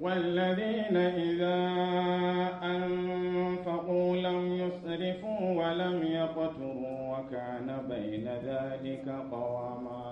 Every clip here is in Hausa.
والذين إذا أنفقوا لم يسرفوا ولم يقتروا وكان بين ذلك قواما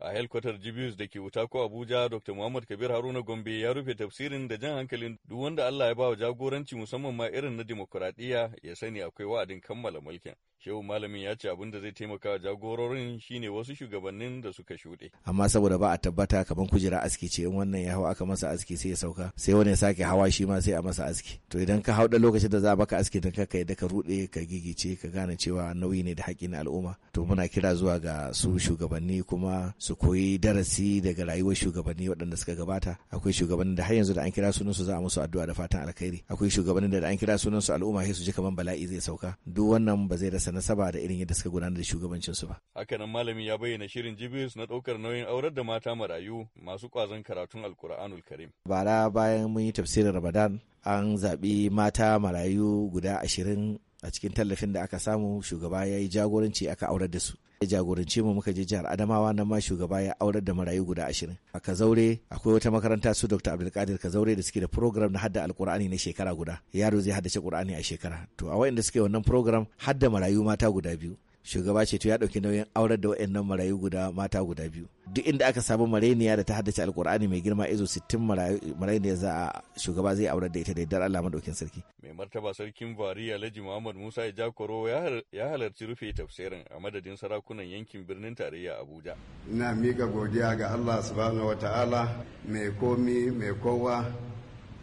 a helkwatar jibius da ke wuta ko abuja dr muhammad kabir haruna gombe ya rufe tafsirin da jan hankalin duk wanda allah ya bawa jagoranci musamman ma irin na demokuraɗiyya ya sani akwai wa'adin kammala mulkin shehu malamin ya ce abin da zai taimaka jagororin shine wasu shugabannin da suka shuɗe amma saboda ba a tabbata kamar kujera aski ce in wannan ya hau aka masa aski sai ya sauka sai wani ya sake hawa shi ma sai a masa aski to idan ka hau da lokacin da za baka aski don ka kai da ka ruɗe ka gigice ka gane cewa nauyi ne da haƙƙin al'umma to muna kira zuwa ga su shugabanni kuma su koyi darasi daga rayuwar shugabanni waɗanda suka gabata akwai shugabannin da har yanzu da an kira sunan su za a musu addu'a da fatan alkhairi akwai shugabannin da an kira sunan su al'umma sai su ji kaman bala'i zai sauka duk wannan ba zai rasa nasaba da irin yadda suka gudanar da shugabancin su ba hakanan malami ya bayyana shirin jibis na ɗaukar nauyin aurar da mata marayu masu kwazon karatun alkur'anul karim bara bayan mun yi tafsirin ramadan an zaɓi mata marayu guda ashirin a cikin tallafin da aka samu shugaba ya yi jagoranci aka aurar da su ya jagoranci mu muka je jihar adamawa nan ma shugaba ya aurar da marayu guda ashirin a kazaure akwai wata makaranta su dr abdulkadir kazaure da suke da program na hadda alkur'ani na shekara guda yaro zai haddace kur'ani a shekara to a wayanda suke wannan program hadda marayu mata guda biyu shugaba ce to ya dauki nauyin aurar da wayannan marayu guda mata guda biyu duk inda aka samu mareniya da ta haddace alkur'ani mai girma izo 60 mareniya za a shugaba zai aurar da ita da dar Allah madaukin sarki mai martaba sarkin bari Alhaji Muhammad Musa ya jakoro ya halarci rufe tafsirin a madadin sarakunan yankin birnin tarayya Abuja ina miƙa godiya ga Allah subhanahu wataala mai komi mai kowa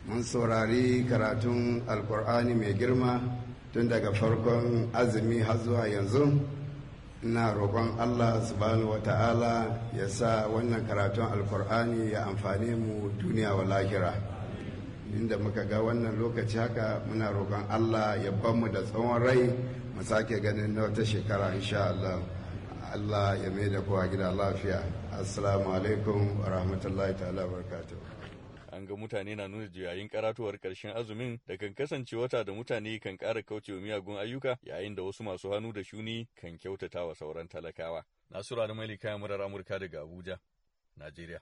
mun saurari karatun alkur'ani mai girma tun daga farkon azumi har zuwa yanzu ina roƙon allah subhanahu ta'ala ya sa wannan karatun alkur'ani ya amfani mu duniya wa lahira inda muka ga wannan lokaci haka muna roƙon allah ya mu da tsawon rai mu sake ganin na wata shekara insha allah allah ya mai da kowa gida lafiya assalamu alaikum wa rahmatullahi ta'ala barakatuh an ga mutane na nuna juyayin karatuwar ƙarshen azumin da kan kasance wata da mutane kan ƙara kaucewa miyagun ayyuka yayin da wasu masu hannu da shuni kan kyautata wa sauran talakawa. Nasiru Adamali kayan murar Amurka daga Abuja, Najeriya.